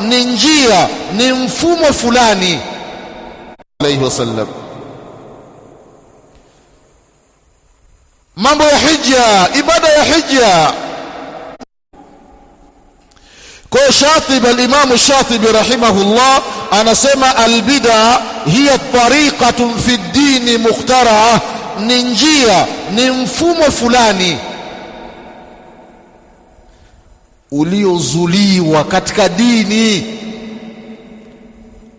ni njia ni mfumo fulani alayhi wasallam mambo ya hija ibada ya hija kwa Shatib al-Imam Shatib rahimahullah anasema al-bida hiya tariqatun fi ad-din mukhtaraa ni njia ni mfumo fulani uliozuliwa katika dini.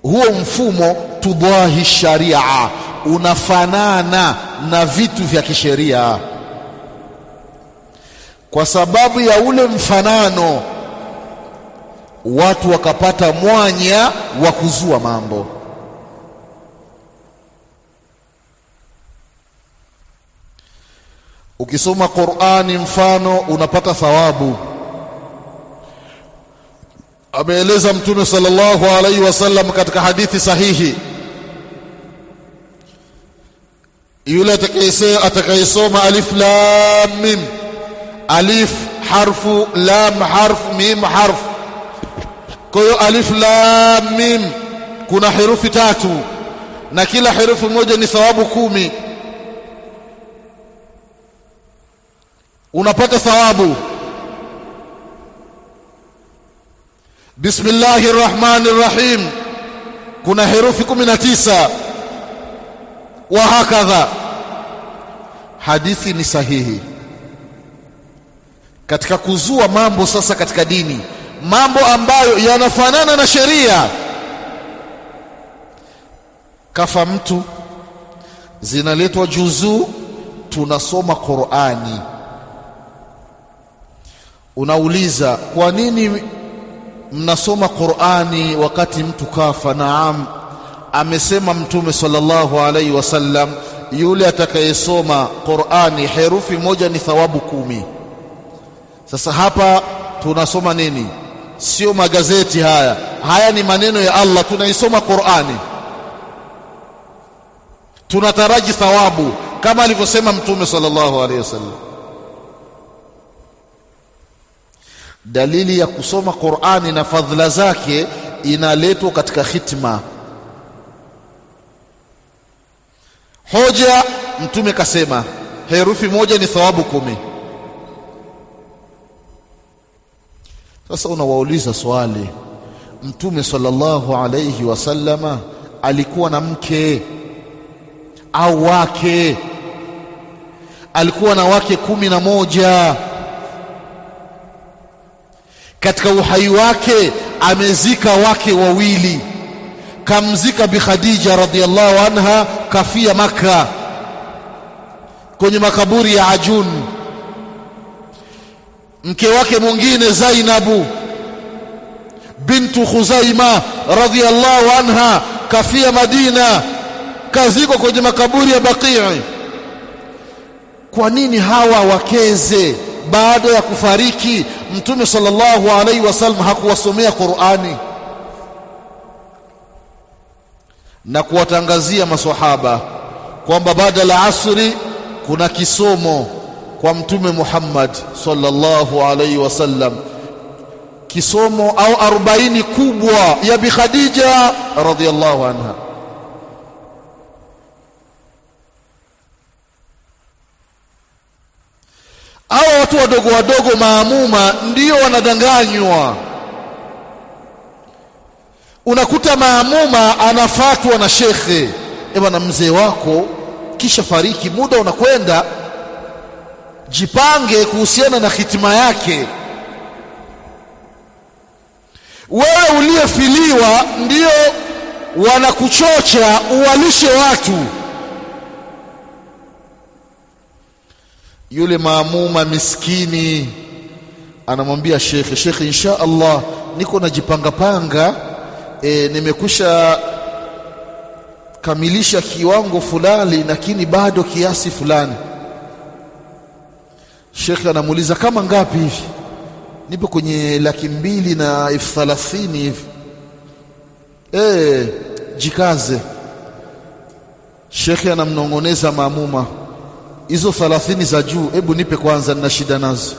Huo mfumo tudwahi sharia, unafanana na vitu vya kisheria. Kwa sababu ya ule mfanano, watu wakapata mwanya wa kuzua mambo. Ukisoma Qur'ani mfano unapata thawabu ameeleza mtume sallallahu alaihi wasallam katika hadithi sahihi yule atakayesoma alif lam mim alif harfu lam harfu mim harfu kwa hiyo alif lam mim kuna herufi tatu na kila herufi moja ni thawabu kumi unapata thawabu Bismillahi Rahmanir Rahim kuna herufi kumi na tisa. Wa hakadha, hadithi ni sahihi. Katika kuzua mambo sasa katika dini, mambo ambayo yanafanana na sheria, kafa mtu, zinaletwa juzuu, tunasoma Qur'ani. Unauliza, kwa nini mnasoma Qur'ani wakati mtu kafa. Naam, amesema Mtume sallallahu alaihi wasallam, yule atakayesoma Qur'ani herufi moja ni thawabu kumi. Sasa hapa tunasoma nini? Sio magazeti haya, haya ni maneno ya Allah. Tunaisoma Qur'ani, tunataraji thawabu kama alivyosema Mtume sallallahu alaihi wasallam. Dalili ya kusoma Qur'ani na fadhila zake inaletwa katika khitma. Hoja, Mtume kasema herufi moja ni thawabu kumi. Sasa unawauliza swali, Mtume sallallahu alayhi wasallama alikuwa na mke au wake? Alikuwa na wake kumi na moja katika uhai wake amezika wake wawili, kamzika Bi Khadija radhiallahu anha, kafia Makka kwenye makaburi ya Ajun. Mke wake mwingine Zainabu bintu Khuzaima radhiallahu anha, kafia Madina, kazikwa kwenye makaburi ya Baqii. Kwa nini hawa wakeze baada ya kufariki Mtume sallallahu alaihi wasallam hakuwasomea Qur'ani na kuwatangazia maswahaba kwamba baada la asri kuna kisomo kwa Mtume Muhammad sallallahu alaihi wasallam kisomo au arobaini kubwa ya Bi Khadija radhiallahu anha Hawa watu wadogo wadogo maamuma ndio wanadanganywa. Unakuta maamuma anafatwa na shekhe, ebana, mzee wako kisha fariki, muda unakwenda, jipange kuhusiana na hitima yake. Wewe uliyefiliwa ndio wanakuchocha uwalishe watu Yule maamuma miskini anamwambia shekhe, shekhe, insha Allah niko najipangapanga e, nimekusha kamilisha kiwango fulani, lakini bado kiasi fulani. Shekhe anamuuliza kama ngapi hivi? Nipo kwenye laki mbili na elfu thalathini hivi. E, jikaze. Shekhe anamnong'oneza maamuma hizo thalathini za juu, hebu nipe kwanza, nina shida nazo.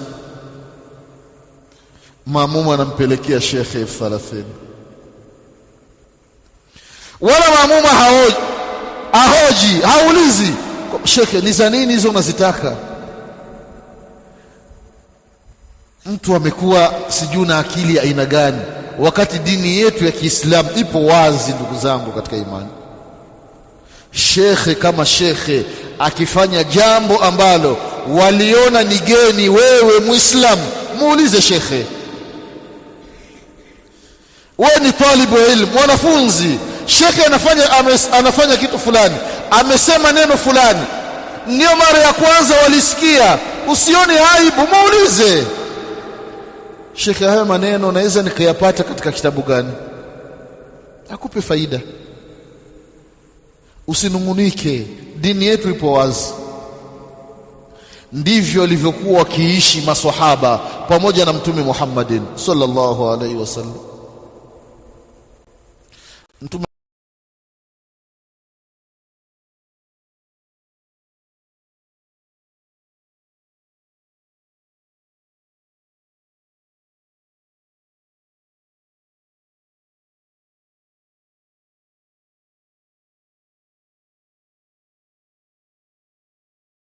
Maamumu anampelekea shekhe elfu thalathini wala maamumu haoji, ahoji haulizi shekhe, ni za nini hizo unazitaka? Mtu amekuwa sijui na akili ya aina gani, wakati dini yetu ya Kiislamu ipo wazi, ndugu zangu katika imani. Shekhe kama shekhe akifanya jambo ambalo waliona ni geni, wewe Muislam, muulize shekhe. Wewe ni talibu ilmu, mwanafunzi, shekhe anafanya, anafanya kitu fulani, amesema neno fulani, ndio mara ya kwanza walisikia, usione aibu, muulize shekhe, hayo maneno naweza nikayapata katika kitabu gani? Akupe faida, usinungunike dini yetu ipo wazi. Ndivyo walivyokuwa wakiishi maswahaba pamoja na Mtume Muhammadin sallallahu alaihi wasallam.